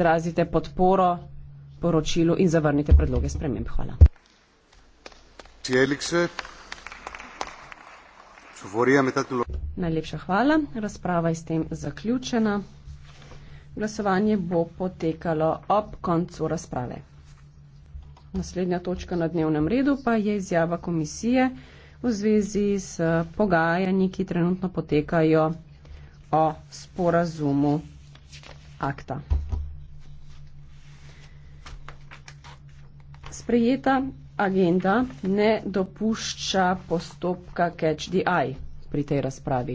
izrazite podporo poročilu in zavrnite predloge sprememb. Hvala. Najlepša hvala. Razprava je s tem zaključena. Glasovanje bo potekalo ob koncu razprave. Naslednja točka na dnevnem redu pa je izjava komisije v zvezi s pogajanji, ki trenutno potekajo o sporazumu akta. sprejeta agenda ne dopušča postopka catch the eye pri tej razpravi.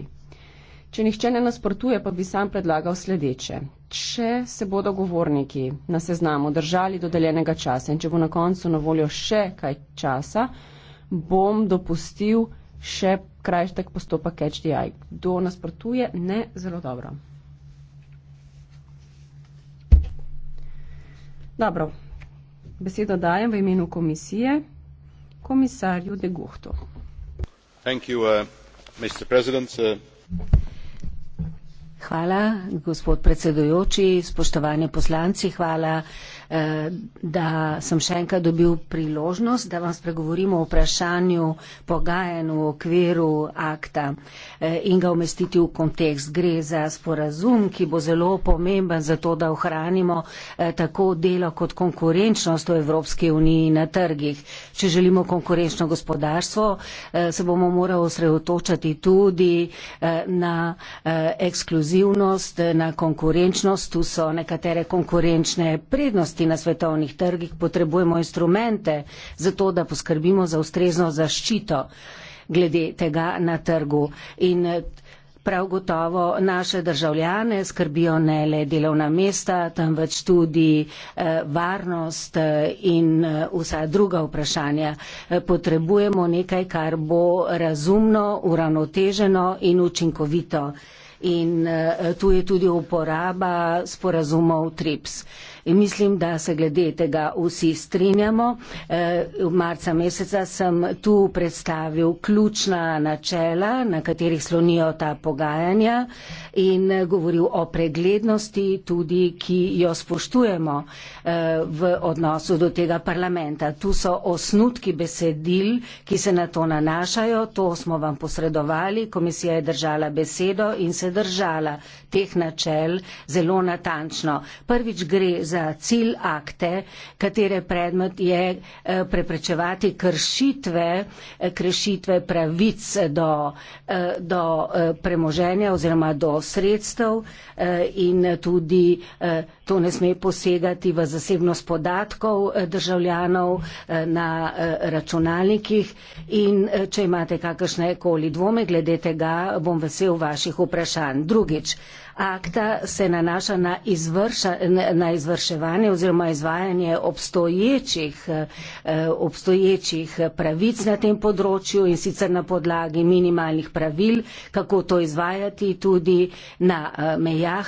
Če nihče ne nasprotuje, pa bi sam predlagal sledeče. Če se bodo govorniki na seznamu držali dodeljenega časa in če bo na koncu na voljo še kaj časa, bom dopustil še krajštek postopek catch the eye. Kdo nasprotuje, ne zelo dobro. Dobro, Besedo dajem v imenu komisije komisarju De Guchtu. Uh, uh. Hvala, gospod predsedujoči, spoštovani poslanci, hvala uh, Eh, da sem še enkrat dobil priložnost, da vam spregovorimo o vprašanju pogajen v okviru akta eh, in ga umestiti v kontekst. Gre za sporazum, ki bo zelo pomemben za to, da ohranimo eh, tako delo kot konkurenčnost v Evropski uniji na trgih. Če želimo konkurenčno gospodarstvo, se bomo morali osredotočati tudi na ekskluzivnost, na konkurenčnost. Tu so nekatere konkurenčne prednosti rasti na svetovnih trgih, potrebujemo instrumente za to, da poskrbimo za ustrezno zaščito glede tega na trgu. In prav gotovo naše državljane skrbijo ne le delovna mesta, temveč tudi eh, varnost eh, in eh, vsa druga vprašanja. Potrebujemo nekaj, kar bo razumno, uravnoteženo in učinkovito. In tu je tudi uporaba sporazumov TRIPS in mislim, da se glede tega vsi strinjamo. Eh, v marca meseca sem tu predstavil ključna načela, na katerih slonijo ta pogajanja in govoril o preglednosti tudi, ki jo spoštujemo eh, v odnosu do tega parlamenta. Tu so osnutki besedil, ki se na to nanašajo, to smo vam posredovali, komisija je držala besedo in se držala teh načel zelo natančno. Prvič gre za za cilj akte, katere predmet je eh, preprečevati kršitve, eh, kršitve pravic do, eh, do premoženja oziroma do sredstev in tudi to ne sme posegati v zasebnost podatkov državljanov na računalnikih. In če imate kakršne koli dvome glede tega, bom vesel vaših vprašanj. Drugič akta se nanaša na, izvrša, na izvrševanje oziroma izvajanje obstoječih, eh, obstoječih pravic na tem področju in sicer na podlagi minimalnih pravil, kako to izvajati tudi na eh, mejah.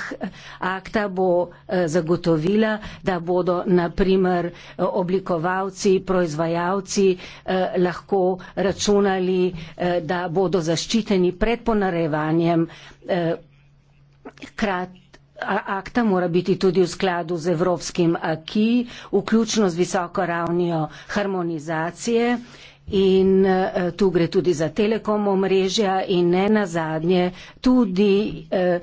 Akta bo eh, zagotovila, da bodo naprimer oblikovalci, proizvajalci lahko računali, da bodo zaščiteni pred ponarevanjem Krat, akta mora biti tudi v skladu z evropskim aki, vključno z visoko ravnjo harmonizacije in e, tu gre tudi za telekom omrežja in ne nazadnje tudi e,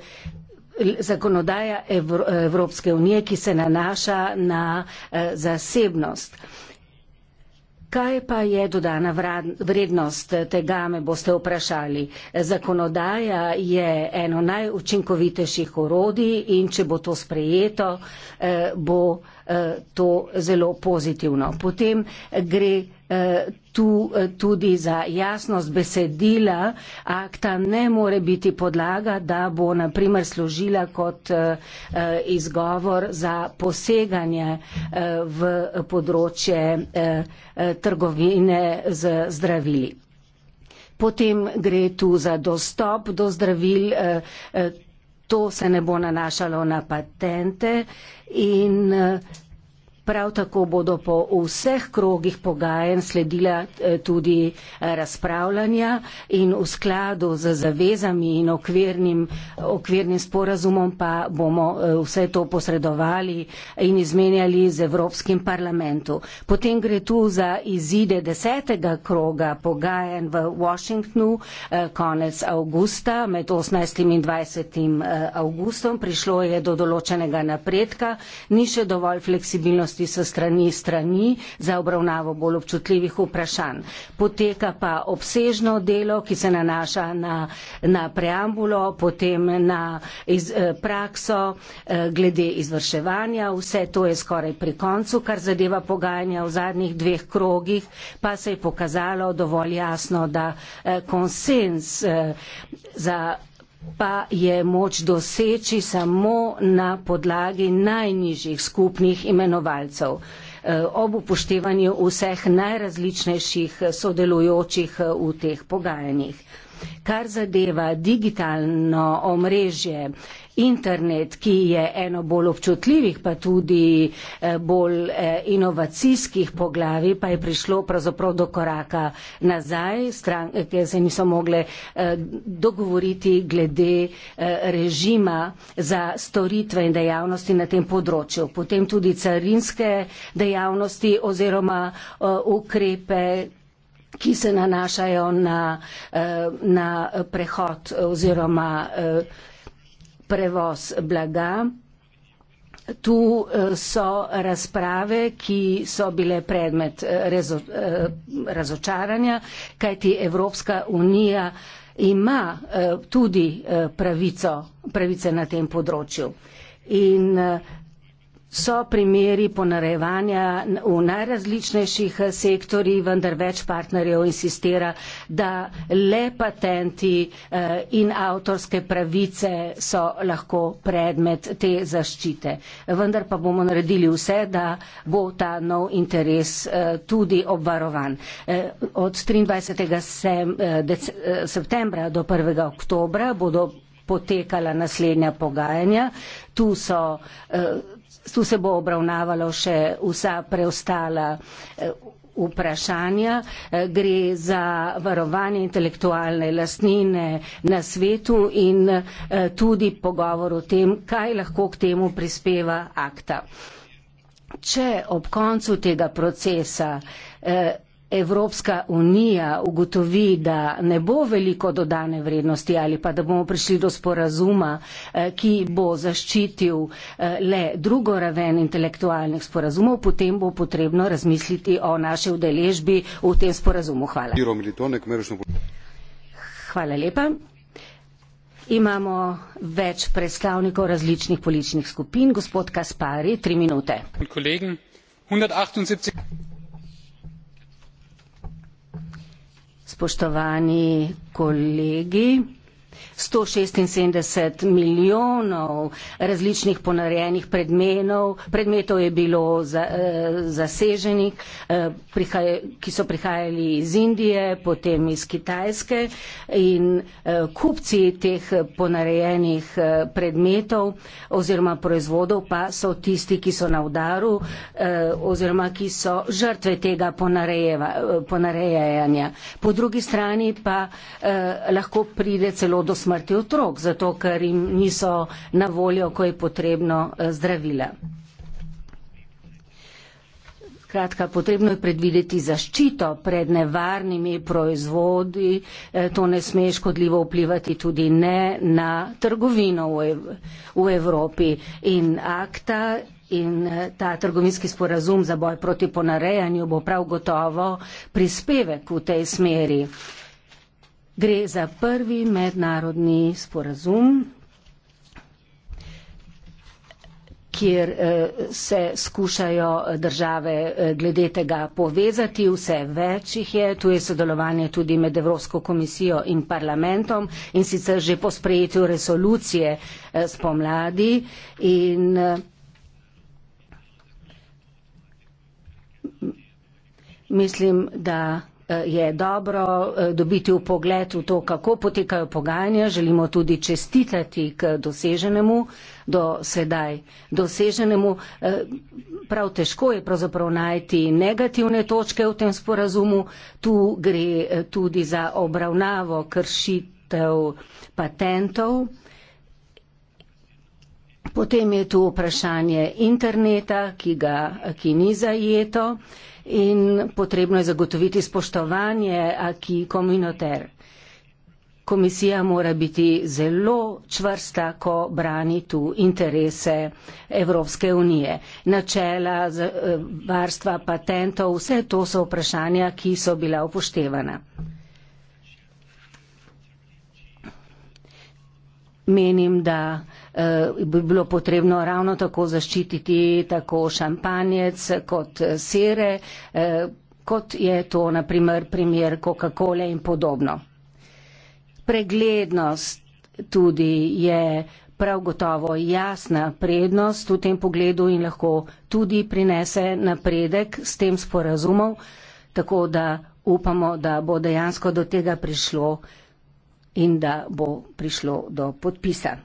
zakonodaja Evropske unije, ki se nanaša na e, zasebnost. Kaj pa je dodana vrednost eh, tega, me boste vprašali? Zakonodaja je eno najučinkovitejših orodij in če bo to sprejeto, eh, bo eh, to zelo pozitivno. Potem gre tu eh, tudi za jasnost besedila akta ne more biti podlaga, da bo naprimer služila kot eh, eh, izgovor za poseganje v področje trgovine z zdravili. Potem gre tu za dostop do zdravil, to se ne bo nanašalo na patente in Prav tako bodo po vseh krogih pogajen sledila eh, tudi eh, razpravljanja in v skladu z zavezami in okvirnim, okvirnim sporazumom pa bomo eh, vse to posredovali in izmenjali z Evropskim parlamentu. Potem gre tu za izide desetega kroga pogajen v Washingtonu konec avgusta med 18. in 20. avgustom. Prišlo je do določenega napredka, ni še dovolj fleksibilnosti pozornosti so strani strani za obravnavo bolj občutljivih vprašanj. Poteka pa obsežno delo, ki se nanaša na, na preambulo, potem na iz, eh, prakso eh, glede izvrševanja. Vse to je skoraj pri koncu, kar zadeva pogajanja v zadnjih dveh krogih, pa se je pokazalo dovolj jasno, da eh, konsens za pa je moč doseči samo na podlagi najnižjih skupnih imenovalcev eh, ob upoštevanju vseh najrazličnejših sodelujočih eh, v teh pogajanjih. Kar zadeva digitalno omrežje, internet, ki je eno bolj občutljivih, pa tudi eh, bolj eh, inovacijskih poglavi, pa je prišlo pravzaprav do koraka nazaj, stranke se niso mogle eh, dogovoriti glede režima za storitve in dejavnosti na tem področju. Potem tudi carinske dejavnosti oziroma ukrepe ki se nanašajo na, na prehod oziroma prevoz blaga. Tu eh, so razprave, ki so bile predmet eh, rezo, eh, razočaranja, kajti Evropska unija ima tudi pravico, pravice na tem področju. In so primeri ponarevanja v najrazličnejših sektorjih, vendar več partnerjev insistira, da le patenti eh, in avtorske pravice so lahko predmet te zaščite. Vendar pa bomo naredili vse, da bo ta nov interes eh, tudi obvarovan. Eh, od 23. septembra do 1. oktobra bodo potekala naslednja pogajanja. Tu so uh, Tu se bo obravnavalo še vsa preostala eh, vprašanja. Eh, gre za varovanje intelektualne lastnine na svetu in eh, tudi pogovor o tem, kaj lahko k temu prispeva akta. Če ob koncu tega procesa Evropska unija ugotovi, da ne bo veliko dodane vrednosti ali pa da bomo prišli do sporazuma, eh, ki bo zaščitil eh, le drugo raven intelektualnih sporazumov, potem bo potrebno razmisliti o naši udeležbi v tem sporazumu. Hvala. Hvala lepa. Imamo več predstavnikov različnih političnih skupin. Gospod Kaspari, tri minute. 178. spoštovani kolegi. 176 milijonov različnih ponarejenih predmetov, predmetov je bilo za, eh, zaseženih, eh, ki so prihajali iz Indije, potem iz Kitajske in eh, kupci teh ponarejenih eh, predmetov oziroma proizvodov pa so tisti, ki so na udaru eh, oziroma ki so žrtve tega ponarejanja. Po drugi strani pa eh, lahko pride celo do smrti otrok, zato ker jim niso na voljo, ko je potrebno eh, zdravila. Kratka, potrebno je predvideti zaščito pred nevarnimi proizvodi, eh, to ne sme škodljivo vplivati tudi ne na trgovino v Evropi in akta in eh, ta trgovinski sporazum za boj proti ponarejanju bo prav gotovo prispevek v tej smeri. Gre za prvi mednarodni sporazum, kjer eh, se skušajo eh, države eh, glede tega povezati, vse več jih je, tu je sodelovanje tudi med Evropsko komisijo in parlamentom in sicer že po sprejetju resolucije spomladi in mislim, da Eh, je dobro eh, dobiti v pogled v to, kako potekajo pogajanja. Želimo tudi čestitati k doseženemu do sedaj doseženemu. Eh, prav težko je pravzaprav najti negativne točke v tem sporazumu. Tu gre tudi za obravnavo kršitev patentov. Potem je tu vprašanje interneta, ki, ga, ki ni zajeto in potrebno je zagotoviti spoštovanje aki kominoter. Komisija mora biti zelo čvrsta, ko brani tu interese Evropske unije. Načela eh, varstva patentov, vse to so vprašanja, ki so bila upoštevana. Menim, da Eh, bi bilo potrebno ravno tako zaščititi tako šampanjec kot eh, sere, eh, kot je to na primer primer Coca-Cola in podobno. Preglednost tudi je prav gotovo jasna prednost v tem pogledu in lahko tudi prinese napredek s tem sporazumom, tako da upamo, da bo dejansko do tega prišlo in da bo prišlo do podpisa.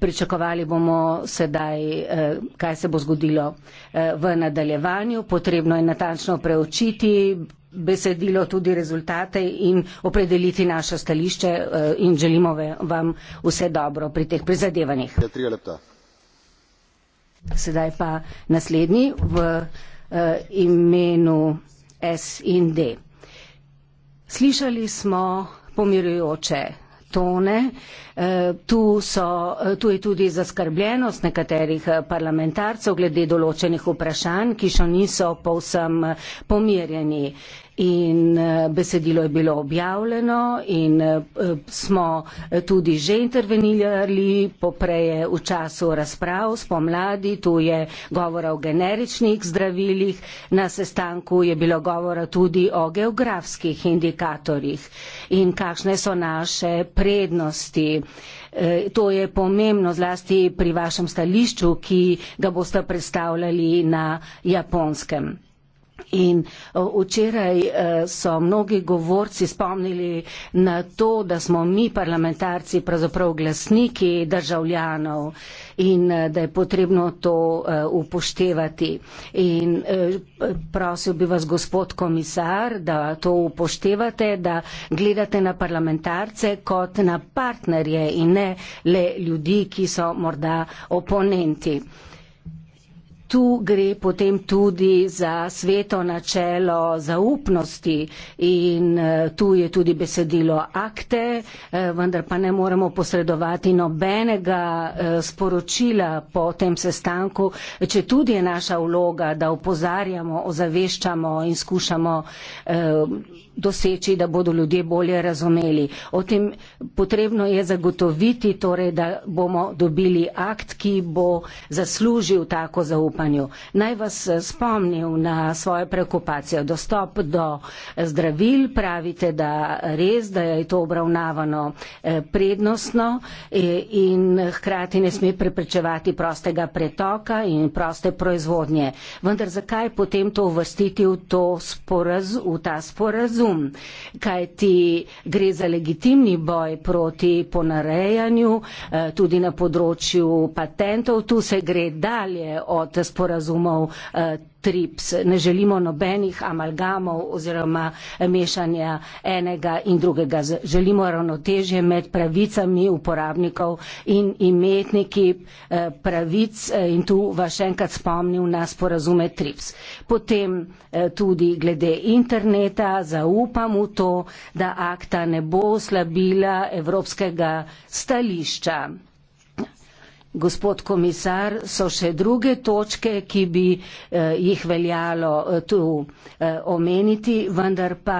Pričakovali bomo sedaj, eh, kaj se bo zgodilo eh, v nadaljevanju. Potrebno je natančno preučiti besedilo, tudi rezultate in opredeliti naše stališče eh, in želimo vam vse dobro pri teh prizadevanjih. Sedaj pa naslednji v imenu S in D. Slišali smo pomirujoče tone. Eh, tu, so, eh, tu je tudi zaskrbljenost nekaterih eh, parlamentarcev glede določenih vprašanj, ki še niso povsem pomirjeni in eh, besedilo je bilo objavljeno in eh, smo eh, tudi že intervenirali popreje v času razprav spomladi, tu je govora o generičnih zdravilih, na sestanku je bilo govora tudi o geografskih indikatorjih in kakšne so naše prednosti. To je pomembno zlasti pri vašem stališču, ki ga boste predstavljali na japonskem. In eh, včeraj eh, so mnogi govorci spomnili na to, da smo mi parlamentarci pravzaprav glasniki državljanov in eh, da je potrebno to upoštevati. In prosil bi vas, gospod komisar, da to upoštevate, da gledate na parlamentarce kot na partnerje in ne le ljudi, ki so morda oponenti. Tu gre potem tudi za sveto načelo zaupnosti in eh, tu je tudi besedilo akte, eh, vendar pa ne moremo posredovati nobenega eh, sporočila po tem sestanku, če tudi je naša vloga, da upozarjamo, ozaveščamo in skušamo doseči, da bodo ljudje bolje razumeli. O tem potrebno je zagotoviti, torej, da bomo dobili akt, ki bo zaslužil tako zaupanju. Naj vas eh, spomnim na svojo preokupacijo. Dostop do eh, zdravil pravite, da res, da je to obravnavano eh, prednostno in hkrati ne sme preprečevati prostega pretoka in proste proizvodnje. Vendar zakaj potem to uvrstiti v, v ta sporazum? razum, kajti gre za legitimni boj proti ponarejanju, eh, tudi na področju patentov, tu se gre dalje od sporazumov. Eh, trips, ne želimo nobenih amalgamov oziroma mešanja enega in drugega. Želimo ravnotežje med pravicami uporabnikov in imetniki eh, pravic eh, in tu vas še enkrat spomnil na sporazume trips. Potem eh, tudi glede interneta zaupam v to, da akta ne bo slabila evropskega stališča. Gospod komisar, so še druge točke, ki bi eh, jih veljalo eh, tu eh, omeniti, vendar pa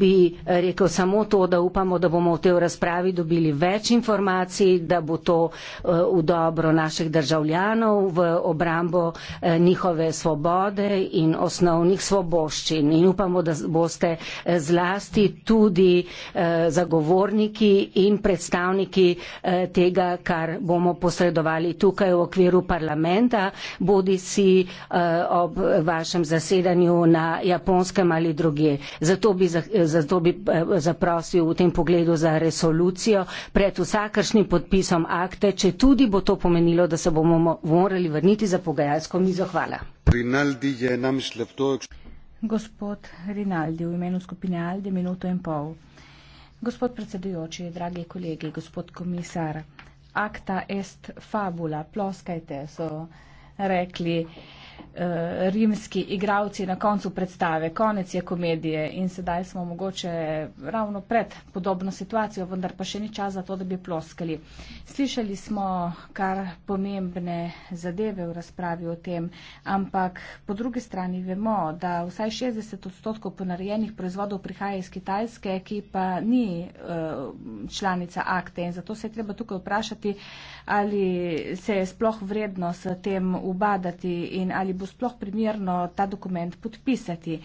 bi rekel samo to, da upamo, da bomo v tej razpravi dobili več informacij, da bo to eh, v dobro naših državljanov, v obrambo eh, njihove svobode in osnovnih svoboščin. In upamo, da boste eh, zlasti tudi eh, zagovorniki in predstavniki eh, tega, kar bomo posredovali sodelovali tukaj v okviru parlamenta, bodi si eh, ob vašem zasedanju na japonskem ali druge. Zato bi, zato bi eh, zaprosil v tem pogledu za resolucijo pred vsakršnim podpisom akte, če tudi bo to pomenilo, da se bomo morali vrniti za pogajalsko mizo. Hvala. Rinaldi je nam šlepto. Gospod Rinaldi, v imenu skupine Aldi, minuto in pol. Gospod predsedujoči, dragi kolegi, gospod komisar. Acta est fabula, ploskajte, so rekli. Eh, rimski igravci na koncu predstave, konec je komedije in sedaj smo mogoče ravno pred podobno situacijo, vendar pa še ni čas za to, da bi ploskali. Slišali smo kar pomembne zadeve v razpravi o tem, ampak po drugi strani vemo, da vsaj 60 odstotkov ponarejenih proizvodov prihaja iz Kitajske, ki pa ni uh, članica akte in zato se je treba tukaj vprašati, uh, ali se je sploh vredno s tem ubadati in ali bo sploh primerno ta dokument podpisati.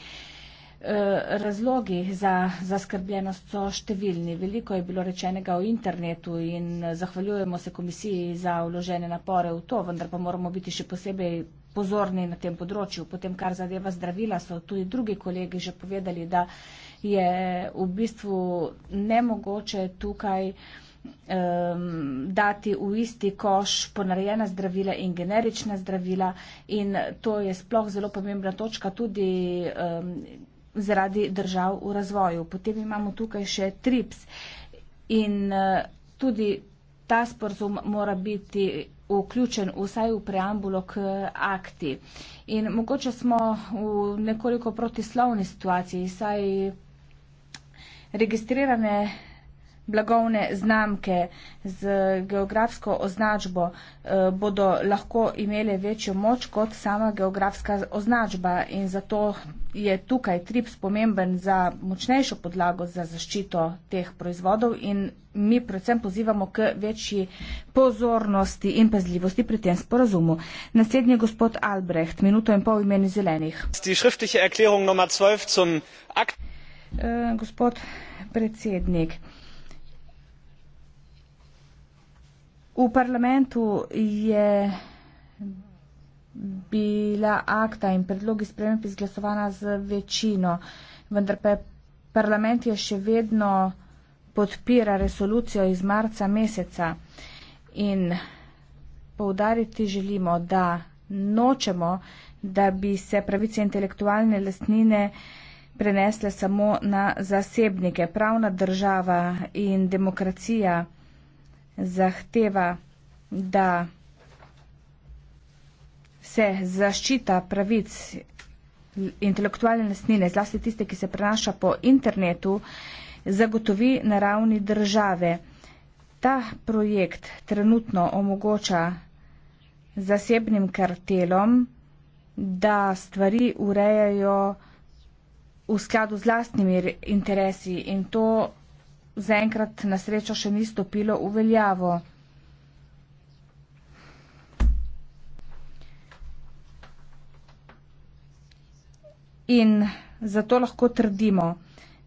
Eh, razlogi za zaskrbljenost so številni. Veliko je bilo rečenega o internetu in zahvaljujemo se komisiji za vložene napore v to, vendar pa moramo biti še posebej pozorni na tem področju. Potem, kar zadeva zdravila, so tudi drugi kolegi že povedali, da je v bistvu nemogoče tukaj dati v isti koš ponarejena zdravila in generična zdravila in to je sploh zelo pomembna točka tudi zaradi držav v razvoju. Potem imamo tukaj še TRIPS in eh, tudi ta sporozum mora biti vključen vsaj v preambulo k akti. In mogoče smo v nekoliko protislovni situaciji, saj registrirane blagovne znamke z geografsko označbo eh, bodo lahko imele večjo moč kot sama geografska označba in zato je tukaj trips pomemben za močnejšo podlago za zaščito teh proizvodov in mi predvsem pozivamo k večji pozornosti in pazljivosti pri tem sporazumu. Naslednji je gospod Albrecht, minuto in pol imeni zelenih. Eh, gospod predsednik, V parlamentu je bila akta in predlogi sprememb izglasovana z večino, vendar pa je parlament je še vedno podpira resolucijo iz marca meseca. In poudariti želimo, da nočemo, da bi se pravice intelektualne lastnine prenesle samo na zasebnike. Pravna država in demokracija zahteva, da se zaščita pravic intelektualne lastnine, zlasti tiste, ki se prenaša po internetu, zagotovi na ravni države. Ta projekt trenutno omogoča zasebnim kartelom, da stvari urejajo v skladu z lastnimi interesi in to zaenkrat na srečo še ni stopilo v veljavo. In zato lahko trdimo,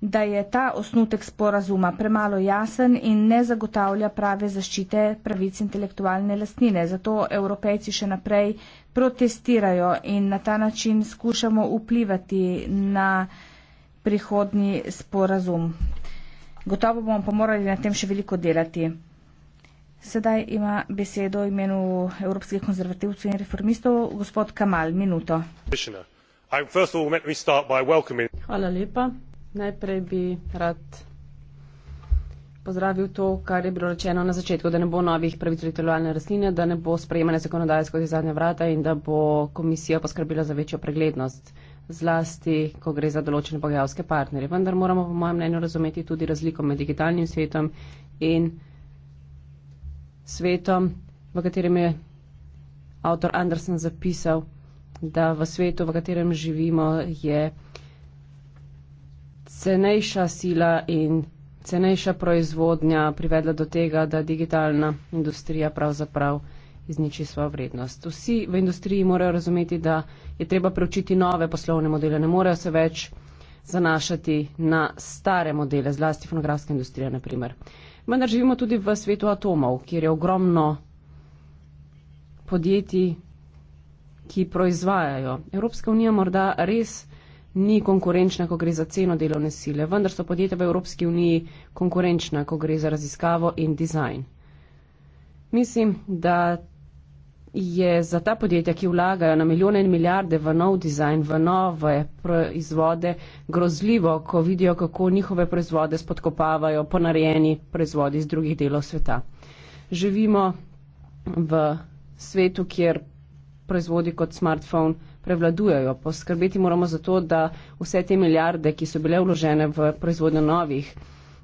da je ta osnutek sporazuma premalo jasen in ne zagotavlja prave zaščite pravic intelektualne lastnine. Zato evropejci še naprej protestirajo in na ta način skušamo vplivati na prihodni sporazum. Gotovo bomo pa morali na tem še veliko delati. Sedaj ima besedo imenu Evropskih konzervativcev in reformistov gospod Kamal. Minuto. Hvala lepa. Najprej bi rad pozdravil to, kar je bilo rečeno na začetku, da ne bo novih pravic ritualne rastline, da ne bo sprejemanja zakonodaje skozi zadnja vrata in da bo komisija poskrbila za večjo preglednost zlasti ko gre za določene pogajalske partnerje. Vendar moramo, po mojem mnenju, razumeti tudi razliko med digitalnim svetom in svetom, v katerem je avtor Andersen zapisal, da v svetu, v katerem živimo, je cenejša sila in cenejša proizvodnja privedla do tega, da digitalna industrija pravzaprav prav izniči svojo vrednost. Vsi v industriji morajo razumeti, da je treba preučiti nove poslovne modele, ne morejo se več zanašati na stare modele, zlasti fonografska industrija, naprimer. Vendar živimo tudi v svetu atomov, kjer je ogromno podjetij, ki proizvajajo. Evropska unija morda res ni konkurenčna, ko gre za ceno delovne sile, vendar so podjetja v Evropski uniji konkurenčna, ko gre za raziskavo in dizajn. Mislim, da je za ta podjetja, ki vlagajo na milijone in milijarde v nov dizajn, v nove proizvode, grozljivo, ko vidijo, kako njihove proizvode spodkopavajo ponarejeni proizvodi iz drugih delov sveta. Živimo v svetu, kjer proizvodi kot smartphone prevladujajo. Poskrbeti moramo za to, da vse te milijarde, ki so bile vložene v proizvodnjo novih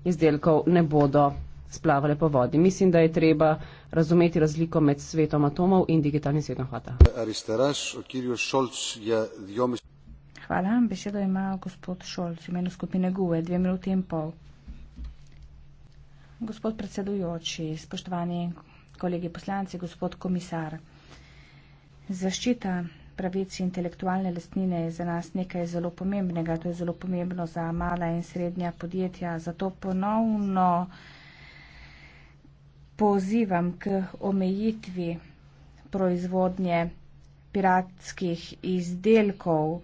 izdelkov, ne bodo splavale po vodi. Mislim, da je treba razumeti razliko med svetom atomov in digitalnim svetom. Hvala. Hvala. Besedo ima gospod Šolc, imenu skupine GUE, dve minuti in pol. Gospod predsedujoči, spoštovani kolegi poslanci, gospod komisar. Zaščita pravic intelektualne lastnine je za nas nekaj zelo pomembnega. To je zelo pomembno za mala in srednja podjetja. Zato ponovno pozivam k omejitvi proizvodnje piratskih izdelkov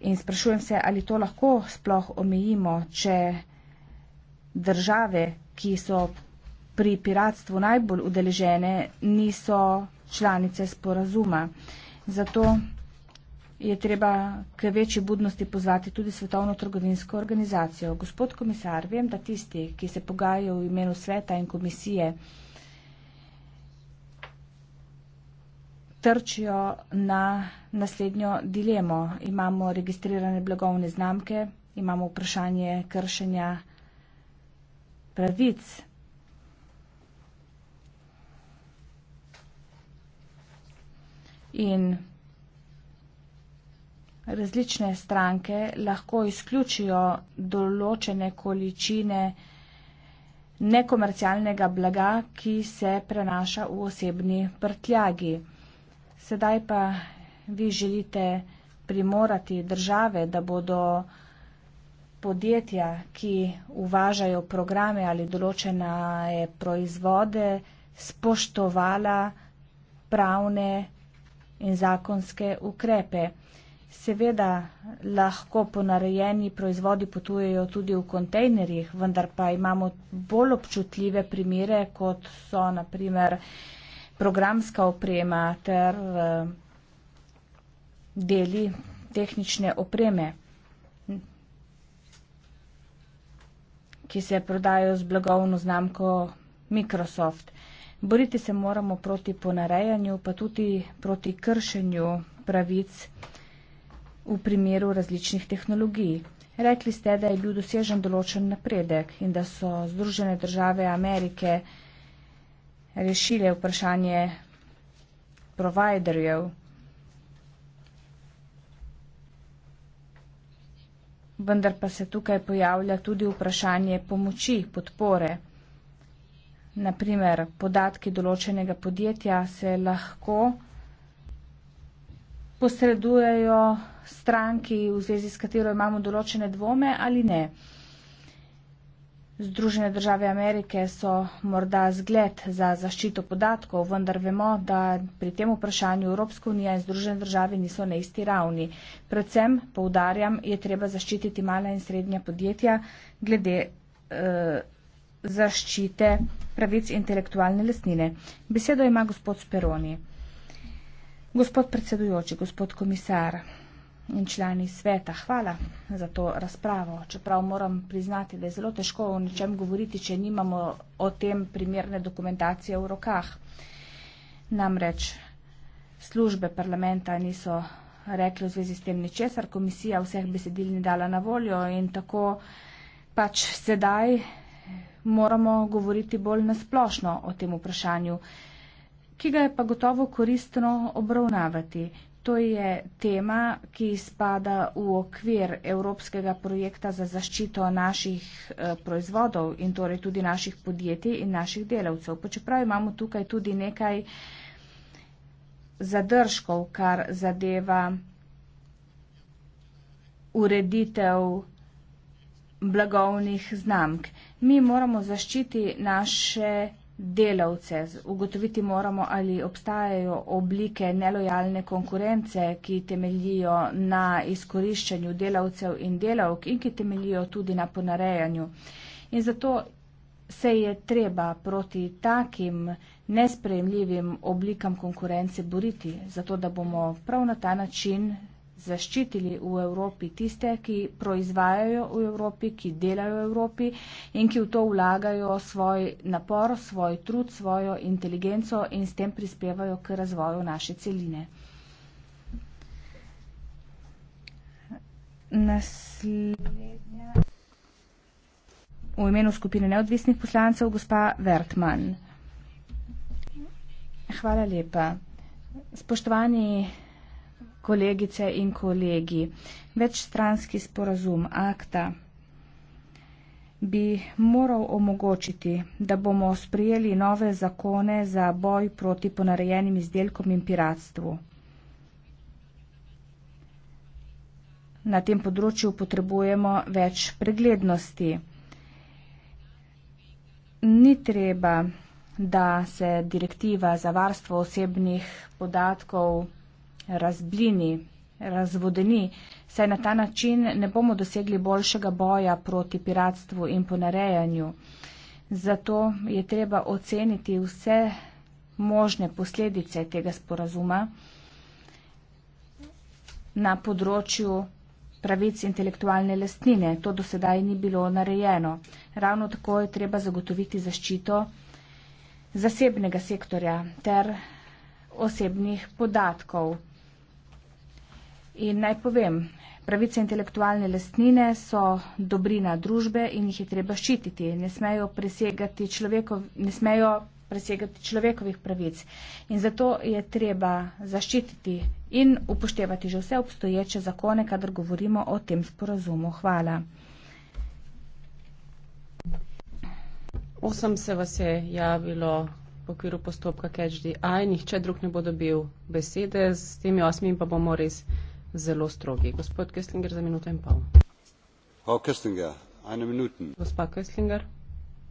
in sprašujem se, ali to lahko sploh omejimo, če države, ki so pri piratstvu najbolj udeležene, niso članice sporazuma. Zato je treba k večji budnosti pozvati tudi Svetovno trgovinsko organizacijo. Gospod komisar, vem, da tisti, ki se pogajajo v imenu sveta in komisije, trčijo na naslednjo dilemo. Imamo registrirane blagovne znamke, imamo vprašanje kršenja pravic. In različne stranke lahko izključijo določene količine nekomercialnega blaga, ki se prenaša v osebni prtljagi. Sedaj pa vi želite primorati države, da bodo podjetja, ki uvažajo programe ali določene proizvode, spoštovala pravne in zakonske ukrepe. Seveda lahko ponarejeni proizvodi potujejo tudi v kontejnerjih, vendar pa imamo bolj občutljive primere, kot so naprimer programska oprema ter eh, deli tehnične opreme, ki se prodajo z blagovno znamko Microsoft. Boriti se moramo proti ponarejanju, pa tudi proti kršenju pravic v primeru različnih tehnologij. Rekli ste, da je bil dosežen določen napredek in da so Združene države Amerike rešile vprašanje providerjev. Vendar pa se tukaj pojavlja tudi vprašanje pomoči, podpore. Naprimer, podatki določenega podjetja se lahko posredujejo stranki, v zvezi s katero imamo določene dvome ali ne. Združene države Amerike so morda zgled za zaščito podatkov, vendar vemo, da pri tem vprašanju Evropska unija in Združene države niso na isti ravni. Predvsem, poudarjam, je treba zaščititi mala in srednja podjetja glede eh, zaščite pravic intelektualne lesnine. Besedo ima gospod Speroni. Gospod predsedujoči, gospod komisar in člani sveta, hvala za to razpravo. Čeprav moram priznati, da je zelo težko o nečem govoriti, če nimamo o tem primerne dokumentacije v rokah. Namreč službe parlamenta niso rekli v zvezi s tem ničesar, komisija vseh besedil ni dala na voljo in tako pač sedaj moramo govoriti bolj nasplošno o tem vprašanju ki ga je pa gotovo koristno obravnavati. To je tema, ki spada v okvir Evropskega projekta za zaščito naših eh, proizvodov in torej tudi naših podjetij in naših delavcev. Pa čeprav imamo tukaj tudi nekaj zadržkov, kar zadeva ureditev blagovnih znamk. Mi moramo zaščiti naše delavce. Ugotoviti moramo, ali obstajajo oblike nelojalne konkurence, ki temeljijo na izkoriščanju delavcev in delavk in ki temeljijo tudi na ponarejanju. In zato se je treba proti takim nesprejemljivim oblikam konkurence boriti, zato da bomo prav na ta način zaščitili v Evropi, tiste, ki proizvajajo v Evropi, ki delajo v Evropi in ki v to vlagajo svoj napor, svoj trud, svojo inteligenco in s tem prispevajo k razvoju naše celine. Naslednja. V imenu skupine neodvisnih poslancev, gospa Vertman. Hvala lepa. Spoštovani kolegice in kolegi. Večstranski sporazum akta bi moral omogočiti, da bomo sprijeli nove zakone za boj proti ponarejenim izdelkom in piratstvu. Na tem področju potrebujemo več preglednosti. Ni treba, da se direktiva za varstvo osebnih podatkov razblini, razvodeni, saj na ta način ne bomo dosegli boljšega boja proti piratstvu in ponarejanju. Zato je treba oceniti vse možne posledice tega sporazuma na področju pravic intelektualne lastnine. To do sedaj ni bilo narejeno. Ravno tako je treba zagotoviti zaščito zasebnega sektorja ter osebnih podatkov. In naj povem, pravice intelektualne lastnine so dobrina družbe in jih je treba ščititi. Ne smejo presegati, človekov, ne smejo presegati človekovih pravic. In zato je treba zaščititi in upoštevati že vse obstoječe zakone, kadar govorimo o tem sporazumu. Hvala. Osem se vas je javilo v okviru postopka Catch the Eye. Nihče drug ne bo dobil besede. S temi osmimi pa bomo res zelo strogi. Gospod Kesslinger, za minuto in pol. Frau Kesslinger, eine Minuten. Gospa Kesslinger.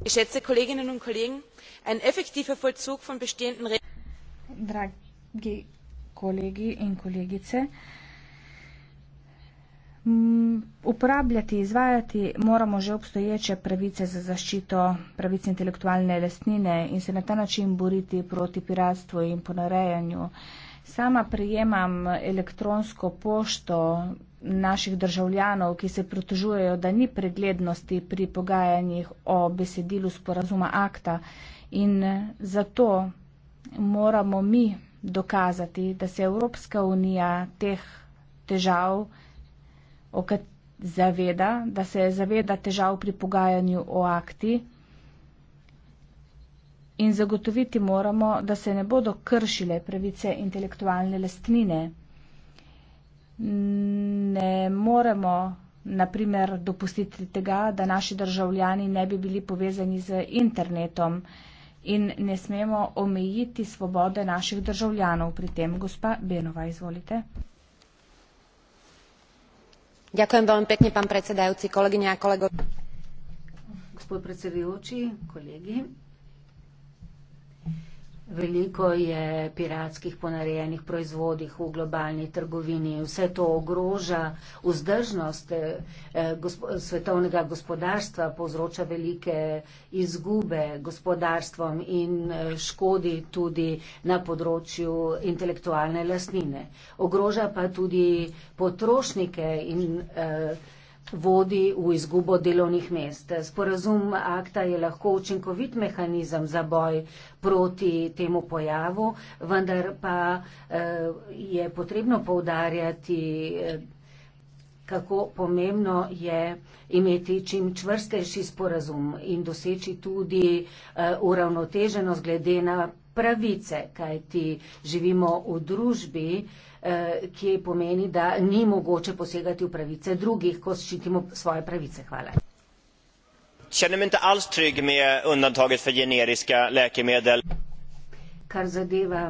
Geschätzte Kolleginnen und Kollegen, ein effektiver Vollzug von bestehenden Regeln. Dragi kolegi in kolegice, uporabljati, izvajati moramo že obstoječe pravice za zaščito pravic intelektualne lastnine in se na ta način boriti proti piratstvu in ponarejanju. Uh, Sama prejemam elektronsko pošto naših državljanov, ki se protužujejo, da ni preglednosti pri pogajanjih o besedilu sporazuma akta in zato moramo mi dokazati, da se Evropska unija teh težav zaveda, da se zaveda težav pri pogajanju o akti in zagotoviti moramo, da se ne bodo kršile pravice intelektualne lastnine. Ne moremo, naprimer, dopustiti tega, da naši državljani ne bi bili povezani z internetom in ne smemo omejiti svobode naših državljanov pri tem. Gospa Benova, izvolite. Ďakujem veľmi pekne, pán predsedajúci, kolegyne a kolegovia. Gospod predsedajúci, kolegy. Veliko je piratskih ponarejenih proizvodih v globalni trgovini. Vse to ogroža vzdržnost eh, eh, svetovnega gospodarstva, povzroča velike izgube gospodarstvom in eh, škodi tudi na področju intelektualne lastnine. Ogroža pa tudi potrošnike in. Eh, vodi v izgubo delovnih mest. Sporazum akta je lahko učinkovit mehanizem za boj proti temu pojavu, vendar pa eh, je potrebno povdarjati, eh, kako pomembno je imeti čim čvrstejši sporazum in doseči tudi eh, uravnoteženost glede na pravice, kajti živimo v družbi, Eh, ki pomeni, da ni mogoče posegati v pravice drugih, ko ščitimo svoje pravice. Hvala. Kar zadeva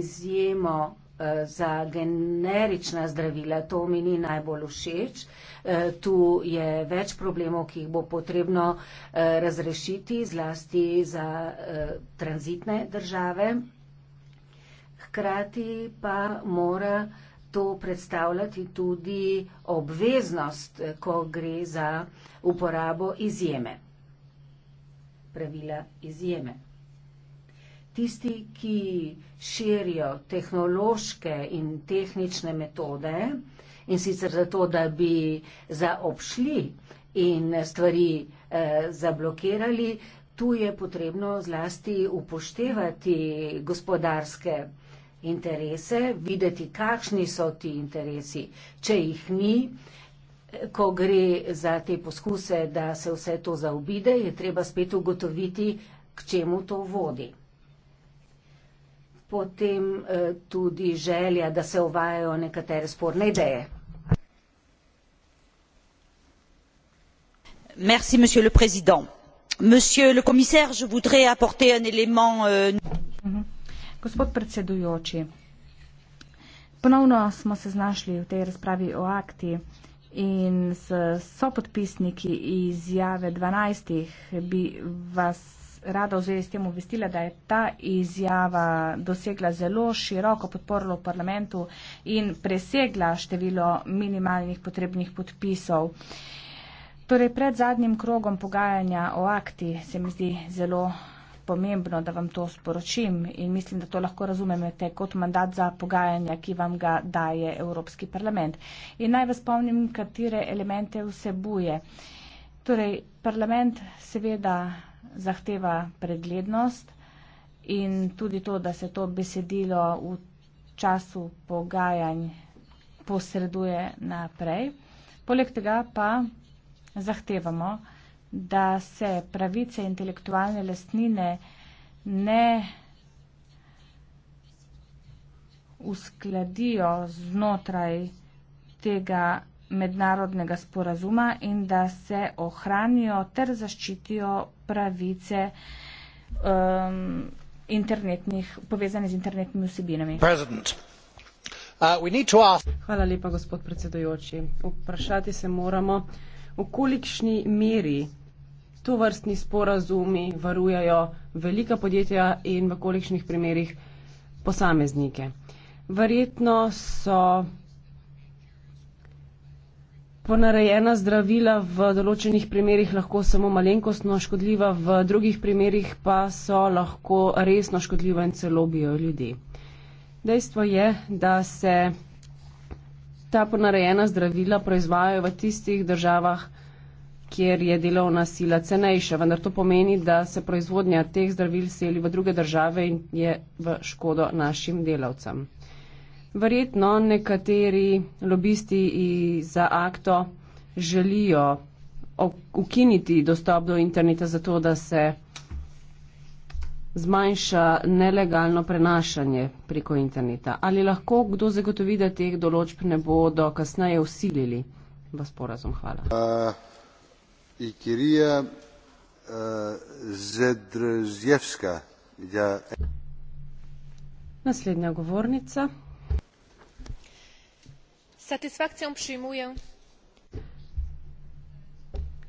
izjemo eh, za generična zdravila, to mi ni najbolj všeč. Eh, tu je več problemov, ki jih bo potrebno razrešiti, zlasti za tranzitne države hkrati pa mora to predstavljati tudi obveznost, ko gre za uporabo izjeme. Pravila izjeme. Tisti, ki širijo tehnološke in tehnične metode in sicer zato, da bi zaobšli in stvari eh, zablokirali, tu je potrebno zlasti upoštevati gospodarske eh, interese, videti, kakšni so ti interesi. Če jih ni, ko gre za te poskuse, da se vse to zaobide, je treba spet ugotoviti, k čemu to vodi. Potem eh, tudi želja, da se uvajajo nekatere sporne ideje. Merci, monsieur le président. Monsieur le commissaire, je voudrais apporter un élément. Euh... Gospod predsedujoči, ponovno smo se znašli v tej razpravi o akti in so podpisniki izjave 12. bi vas rada v zvezi s tem obvestila, da je ta izjava dosegla zelo široko podporo v parlamentu in presegla število minimalnih potrebnih podpisov. Torej, pred zadnjim krogom pogajanja o akti se mi zdi zelo pomembno, da vam to sporočim in mislim, da to lahko razumete kot mandat za pogajanja, ki vam ga daje Evropski parlament. In naj vas spomnim, katere elemente vsebuje. Torej, parlament seveda zahteva preglednost in tudi to, da se to besedilo v času pogajanj posreduje naprej. Poleg tega pa zahtevamo, da se pravice intelektualne lastnine ne uskladijo znotraj tega mednarodnega sporazuma in da se ohranijo ter zaščitijo pravice um, internetnih, povezane z internetnimi vsebinami. Uh, Hvala lepa, gospod predsedojoči. Vprašati se moramo, v kolikšni meri to vrstni sporazumi varujajo velika podjetja in v kolikšnih primerjih posameznike. Verjetno so ponarejena zdravila v določenih primerjih lahko samo malenkostno škodljiva, v drugih primerjih pa so lahko resno škodljiva in celo bijo ljudi. Dejstvo je, da se ta ponarejena zdravila proizvajajo v tistih državah, kjer je delovna sila cenejša. Vendar to pomeni, da se proizvodnja teh zdravil seli v druge države in je v škodo našim delavcem. Verjetno nekateri lobisti za akto želijo ukiniti dostop do interneta zato, da se zmanjša nelegalno prenašanje preko interneta. Ali lahko kdo zagotovi, da teh določb ne bodo kasneje usilili v sporazum? Hvala. Uh. E, ja. Naslednia govornica. Satisfakcją przyjmuję.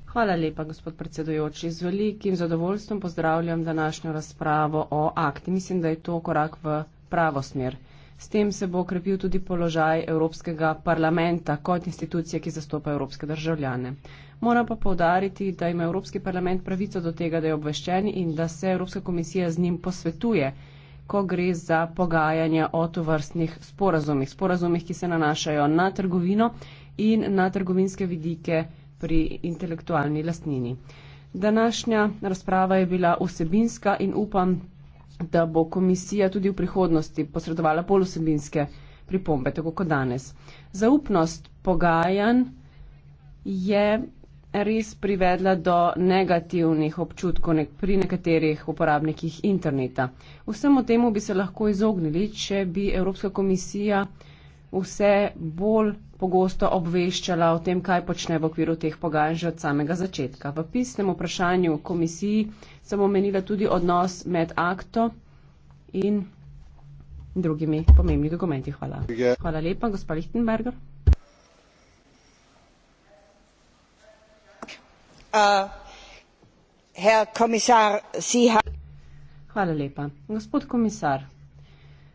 Hvala lepa, gospod predsedujoči. Z velikim zadovoljstvom pozdravljam današnjo razpravo o akti. Mislim, da je to korak v pravo smer. S tem se bo okrepil tudi položaj Evropskega parlamenta kot institucije, ki zastopa evropske državljane. Moram pa povdariti, da ima Evropski parlament pravico do tega, da je obveščen in da se Evropska komisija z njim posvetuje, ko gre za pogajanja o tovrstnih sporazumih. Sporazumih, ki se nanašajo na trgovino in na trgovinske vidike pri intelektualni lastnini. Današnja razprava je bila vsebinska in upam, da bo komisija tudi v prihodnosti posredovala polosebinske pripombe, tako kot danes. Zaupnost pogajan je res privedla do negativnih občutkov nek pri nekaterih uporabnikih interneta. Vsemu temu bi se lahko izognili, če bi Evropska komisija vse bolj pogosto obveščala o tem, kaj počne v okviru teh pogajanj že od samega začetka. V pisnem vprašanju komisiji sem omenila tudi odnos med akto in drugimi pomembnimi dokumenti. Hvala. Hvala lepa, gospod Lichtenberger. Uh, komisar, ha Hvala lepa. Gospod komisar,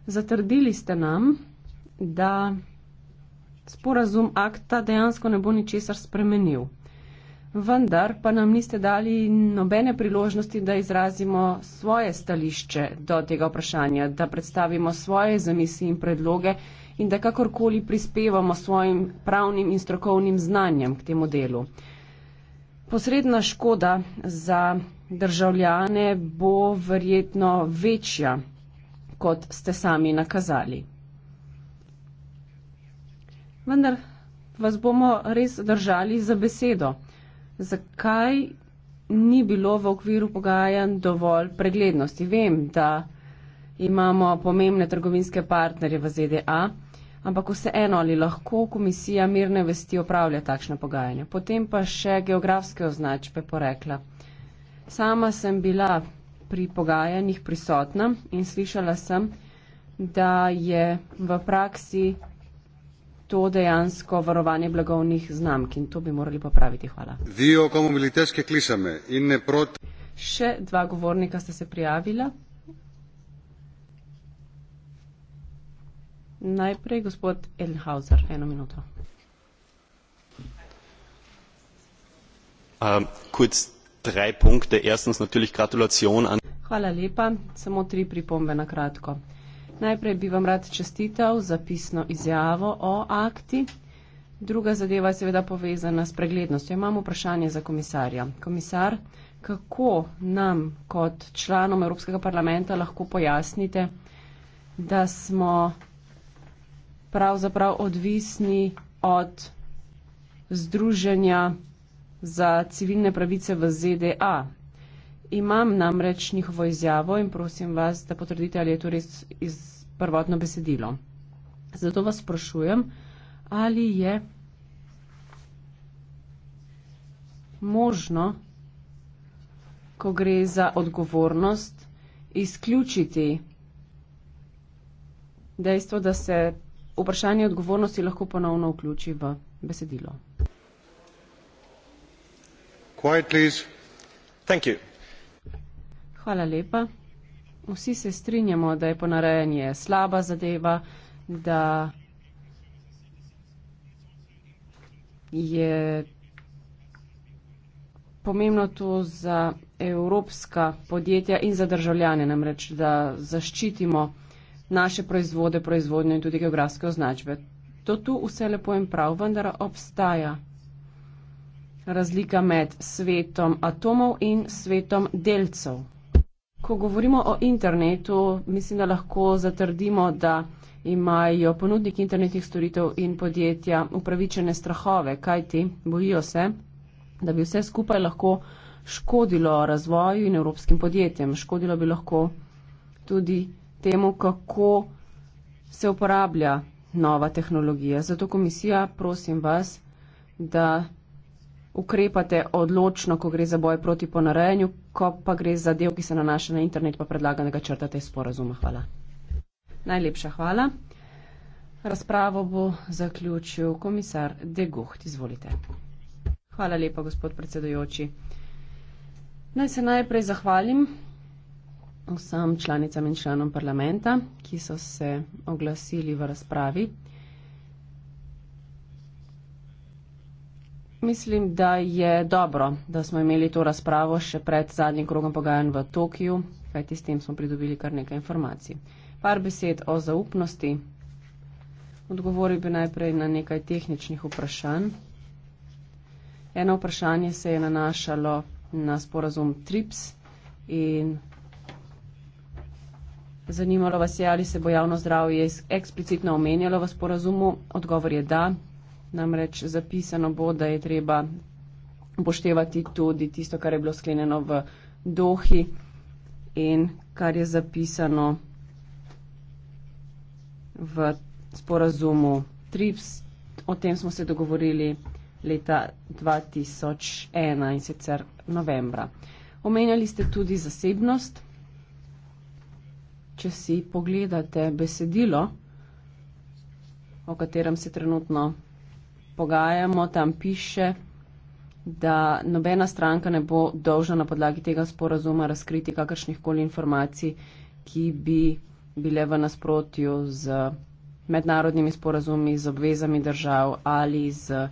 zatrdili ste nam, da sporazum akta dejansko ne bo ničesar spremenil. Vendar pa nam niste dali nobene priložnosti, da izrazimo svoje stališče do tega vprašanja, da predstavimo svoje zamisli in predloge in da kakorkoli prispevamo svojim pravnim in strokovnim znanjem k temu delu. Posredna škoda za državljane bo verjetno večja, kot ste sami nakazali vendar vas bomo res držali za besedo. Zakaj ni bilo v okviru pogajanj dovolj preglednosti? Vem, da imamo pomembne trgovinske partnerje v ZDA, ampak vseeno ali lahko komisija mirne vesti opravlja takšne pogajanja. Potem pa še geografske označbe porekla. Sama sem bila pri pogajanjih prisotna in slišala sem, da je v praksi to dejansko varovanje blagovnih znamk in to bi morali popraviti. Hvala. Še dva govornika ste se prijavila. Najprej gospod Edenhauser, eno minuto. Ähm, Hvala lepa, samo tri pripombe na kratko. Najprej bi vam rad čestitev za pisno izjavo o akti. Druga zadeva je seveda povezana s preglednostjo. Imamo vprašanje za komisarja. Komisar, kako nam kot članom Evropskega parlamenta lahko pojasnite, da smo pravzaprav odvisni od združenja za civilne pravice v ZDA? Imam namreč njihovo izjavo in prosim vas, da potrdite, ali je to res izjavo prvotno besedilo. Zato vas sprašujem, ali je možno, ko gre za odgovornost, izključiti dejstvo, da se vprašanje odgovornosti lahko ponovno vključi v besedilo. Quiet, Hvala lepa vsi se strinjamo, da je ponarejanje slaba zadeva, da je pomembno to za evropska podjetja in za državljane, namreč da zaščitimo naše proizvode, proizvodnje in tudi geografske označbe. To tu vse lepo in prav, vendar obstaja razlika med svetom atomov in svetom delcev. Ko govorimo o internetu, mislim, da lahko zatrdimo, da imajo ponudniki internetnih storitev in podjetja upravičene strahove, kajti bojijo se, da bi vse skupaj lahko škodilo razvoju in evropskim podjetjem. Škodilo bi lahko tudi temu, kako se uporablja nova tehnologija. Zato komisija, prosim vas, da ukrepate odločno, ko gre za boj proti ponarejanju, ko pa gre za del, ki se nanaša na internet, pa predlaganega črtate iz porazuma. Hvala. Najlepša hvala. Razpravo bo zaključil komisar De Gucht. Izvolite. Hvala lepa, gospod predsedujoči. Naj se najprej zahvalim vsem članicam in članom parlamenta, ki so se oglasili v razpravi. Mislim, da je dobro, da smo imeli to razpravo še pred zadnjim krogom pogajanj v Tokiju, kajti s tem smo pridobili kar nekaj informacij. Par besed o zaupnosti. Odgovoril bi najprej na nekaj tehničnih vprašanj. Eno vprašanje se je nanašalo na sporazum TRIPS in zanimalo vas je, ali se bo javno zdravje eksplicitno omenjalo v sporazumu. Odgovor je da. Namreč zapisano bo, da je treba upoštevati tudi tisto, kar je bilo sklenjeno v Dohi in kar je zapisano v sporazumu TRIPS. O tem smo se dogovorili leta 2001 in sicer novembra. Omenjali ste tudi zasebnost. Če si pogledate besedilo, o katerem se trenutno pogajamo, tam piše, da nobena stranka ne bo dolžna na podlagi tega sporazuma razkriti kakršnih koli informacij, ki bi bile v nasprotju z mednarodnimi sporazumi, z obvezami držav ali z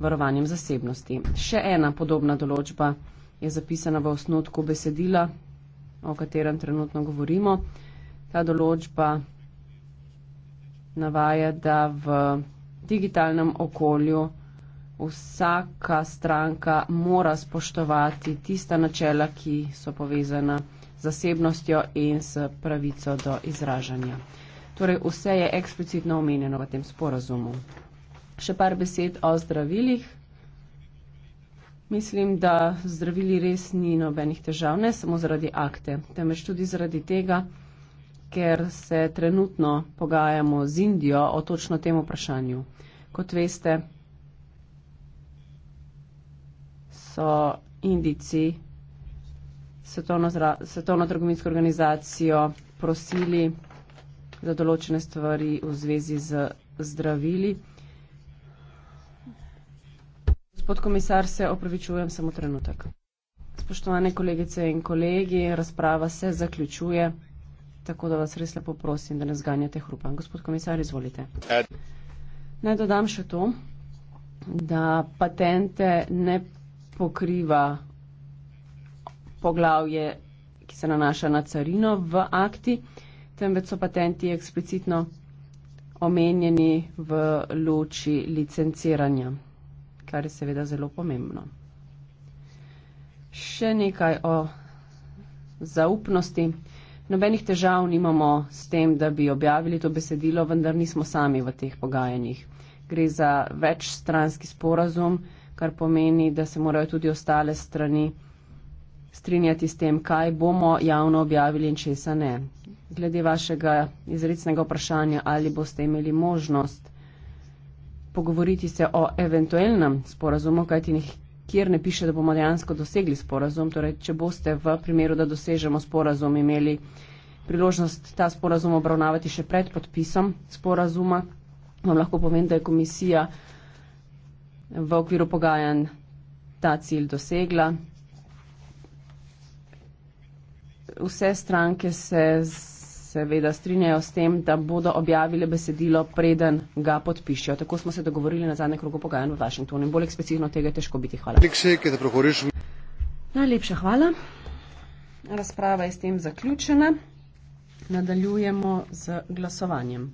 varovanjem zasebnosti. Še ena podobna določba je zapisana v osnutku besedila, o katerem trenutno govorimo. Ta določba navaja, da v digitalnem okolju vsaka stranka mora spoštovati tista načela, ki so povezana z zasebnostjo in s pravico do izražanja. Torej, vse je eksplicitno omenjeno v tem sporazumu. Še par besed o zdravilih. Mislim, da zdravili res ni nobenih težav, ne samo zaradi akte, temveč tudi zaradi tega, ker se trenutno pogajamo z Indijo o točno tem vprašanju. Kot veste, so Indici svetovno, svetovno trgovinsko organizacijo prosili za določene stvari v zvezi z zdravili. Gospod komisar, se opravičujem samo trenutek. Spoštovane kolegice in kolegi, razprava se zaključuje. Tako da vas res lepo prosim, da ne zganjate hrupa. Gospod komisar, izvolite. Naj dodam še to, da patente ne pokriva poglavje, ki se nanaša na carino v akti, temveč so patenti eksplicitno omenjeni v luči licenciranja, kar je seveda zelo pomembno. Še nekaj o zaupnosti. Nobenih težav nimamo s tem, da bi objavili to besedilo, vendar nismo sami v teh pogajanjih. Gre za večstranski sporazum, kar pomeni, da se morajo tudi ostale strani strinjati s tem, kaj bomo javno objavili in česa ne. Glede vašega izrecnega vprašanja, ali boste imeli možnost pogovoriti se o eventualnem sporazumu, kajti kjer ne piše, da bomo dejansko dosegli sporazum. Torej, če boste v primeru, da dosežemo sporazum, imeli priložnost ta sporazum obravnavati še pred podpisom sporazuma, vam lahko povem, da je komisija v okviru pogajanj ta cilj dosegla. Vse stranke se z seveda strinjajo s tem, da bodo objavile besedilo, preden ga podpišijo. Tako smo se dogovorili na zadnjem krogu pogajanj v Washingtonu. Bolj eksplicitno tega je težko biti. Hvala. Najlepša hvala. Razprava je s tem zaključena. Nadaljujemo z glasovanjem.